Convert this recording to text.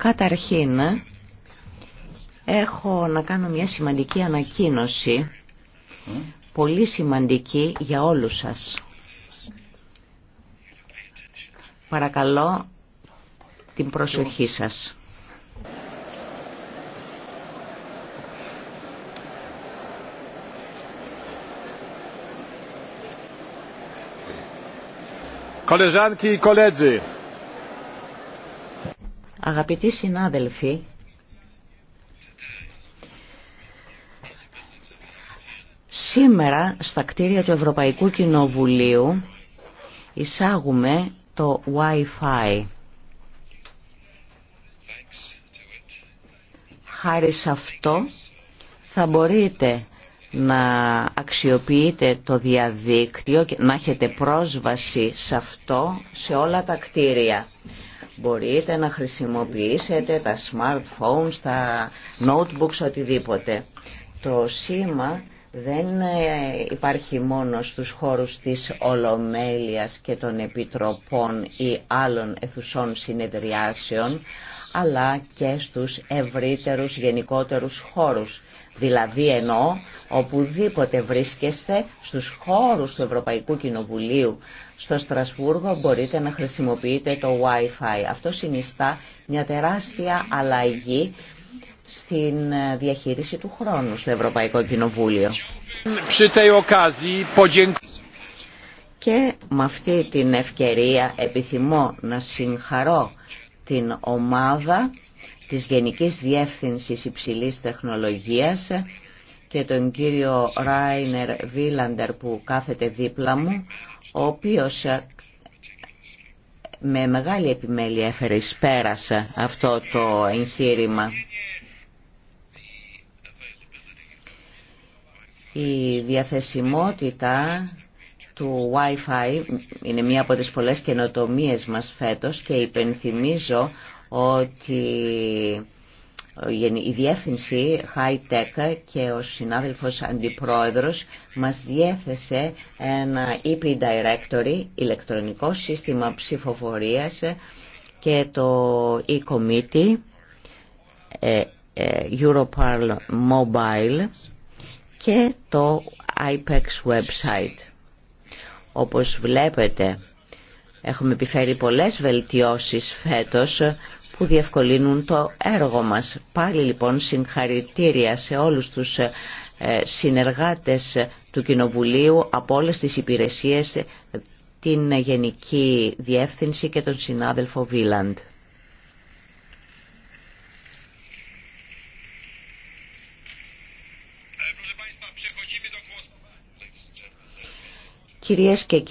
Καταρχήν, έχω να κάνω μια σημαντική ανακοίνωση, πολύ σημαντική για όλους σας. Παρακαλώ την προσοχή σας. Koleżanki i Αγαπητοί συνάδελφοι, σήμερα στα κτίρια του Ευρωπαϊκού Κοινοβουλίου εισάγουμε το Wi-Fi. Χάρη σε αυτό θα μπορείτε να αξιοποιείτε το διαδίκτυο και να έχετε πρόσβαση σε αυτό σε όλα τα κτίρια μπορείτε να χρησιμοποιήσετε τα smartphones, τα notebooks, οτιδήποτε. Το σήμα δεν ε, υπάρχει μόνο στους χώρους της Ολομέλειας και των Επιτροπών ή άλλων αιθουσών συνεδριάσεων, αλλά και στους ευρύτερους γενικότερους χώρους. Δηλαδή εννοώ οπουδήποτε βρίσκεστε στους χώρους του Ευρωπαϊκού Κοινοβουλίου, στο Στρασβούργο μπορείτε να χρησιμοποιείτε το Wi-Fi. Αυτό συνιστά μια τεράστια αλλαγή στην ε, διαχείριση του χρόνου στο Ευρωπαϊκό Κοινοβούλιο. Και με αυτή την ευκαιρία επιθυμώ να συγχαρώ την ομάδα της Γενικής Διεύθυνσης Υψηλής Τεχνολογίας και τον κύριο Ράινερ Βίλαντερ που κάθεται δίπλα μου, ο οποίος με μεγάλη επιμέλεια έφερε εις πέρας αυτό το εγχείρημα. Η διαθεσιμότητα του Wi-Fi είναι μία από τις πολλές καινοτομίες μας φέτος και υπενθυμίζω ότι η διεύθυνση High και ο συνάδελφος αντιπρόεδρος μας διέθεσε ένα EP Directory, ηλεκτρονικό σύστημα ψηφοφορίας και το e-committee ε, ε, Europarl Mobile και το IPEX website. Όπως βλέπετε, έχουμε επιφέρει πολλές βελτιώσεις φέτος που διευκολύνουν το έργο μας. Πάλι λοιπόν συγχαρητήρια σε όλους τους ε, συνεργάτες του Κοινοβουλίου από όλες τις υπηρεσίες την Γενική Διεύθυνση και τον συνάδελφο Βίλαντ. Κυρίες και